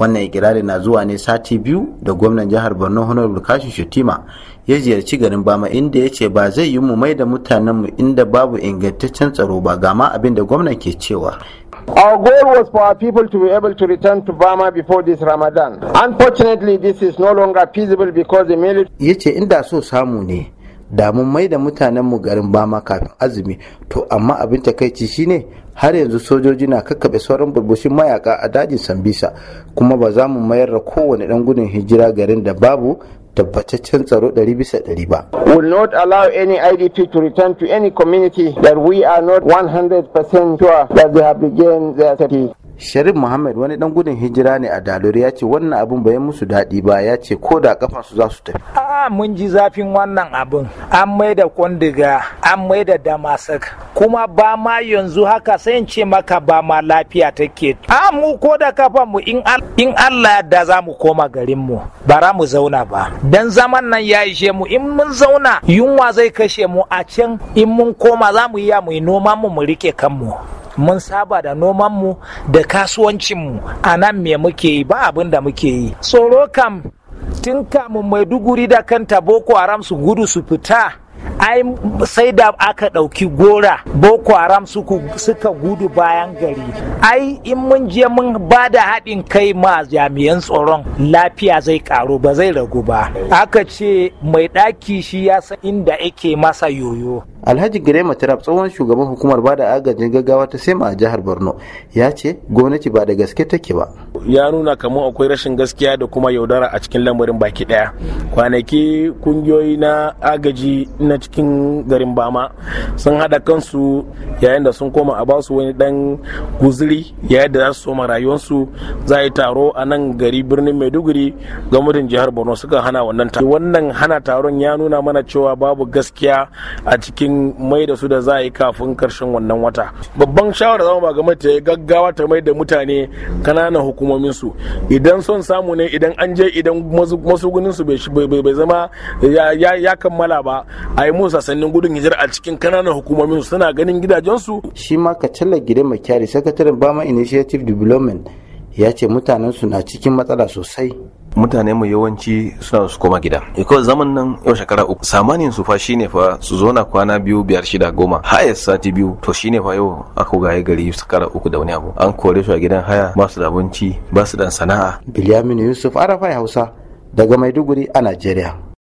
wannan ikirarin na zuwa ne sati biyu da gwamnan jihar borno honorable bulkashi shutima ya ziyarci garin bama inda ya ce ba zai yi mu mai da mutanenmu inda babu ingantaccen tsaro ba ga ma abin da gwamnan ke cewa Our goal was for our people to be able to return to Burma before this Ramadan. Unfortunately, this is no longer feasible because the military. Yace inda so samu ne da mun mai da mutanenmu garin bama kafin azumi to amma abin takaici shine har yanzu sojoji na kakkaɓe sauran burbushin mayaka a dajin sambisa kuma ba za mu mayar da kowane ɗan gudun hijira garin da babu tabbataccen tsaro 100% ba. Will not allow any IDP to return to any community that we are not 100% sure that they have regained their safety. Sharif Muhammad wani dan gudun hijira ne a Dalori ya ce wannan abin bai musu daɗi ba ya ce ko da kafa su za su tafi. mun ji zafin wannan abin an mai da kwandiga an mai da damasak kuma ba ma yanzu haka sai in ce maka ba ma lafiya ta ke. a mu ko da kafa mu in Allah da za mu koma garin mu bara mu zauna ba dan zaman nan ya ishe mu in mun zauna yunwa zai kashe mu a can in mun koma za mu iya mu yi noman mu mu rike kanmu mun saba da noman mu da kasuwancinmu a nan me muke yi ba abin da muke yi tsoro kam tun kamun maiduguri da kanta boko haram su gudu su fita ai sai da aka ɗauki gora boko haram suka gudu bayan gari ai in mun je mun ba da haɗin kai ma jami'an tsaron lafiya zai ƙaru ba zai ragu ba aka ce mai ɗaki shi ya san inda ake masa yoyo alhaji girema tirab tsohon shugaban hukumar bada agajin gaggawa ta sema a jihar borno ya ce gwamnati ba da gaske take ba ya nuna kamar akwai rashin gaskiya da kuma yaudara a cikin lamarin baki daya kwanaki kungiyoyi na agaji na cikin garin bama sun hada kansu yayin da sun koma a basu wani dan guziri yayin da za su soma rayuwarsu za a yi taro a nan gari birnin maiduguri ga gwamnatin jihar borno suka hana wannan taro wannan hana taron ya nuna mana cewa babu gaskiya a cikin mai da su da za a yi kafin karshen wannan wata babban shawara zama ba game ta gaggawa ta mai da mutane kananan hukumomin su idan son samu ne idan an je idan masugunin su bai zama ya kammala ba a yi samu sasannin gudun hijira a cikin kananan hukumomin suna ganin gidajensu shi ma ka talla gidan makyari sakataren bama initiative development ya ce mutanen su na cikin matsala sosai mutane mu yawanci suna su koma gida iko zaman nan yau shekara uku samanin su fa shine fa su zo kwana biyu biyar shida goma haya sati biyu to shine fa yau aka gaye gari shekara uku da wani abu an kore su a gidan haya ba su da abinci ba su da sana'a bilyamin yusuf arafai hausa daga maiduguri a najeriya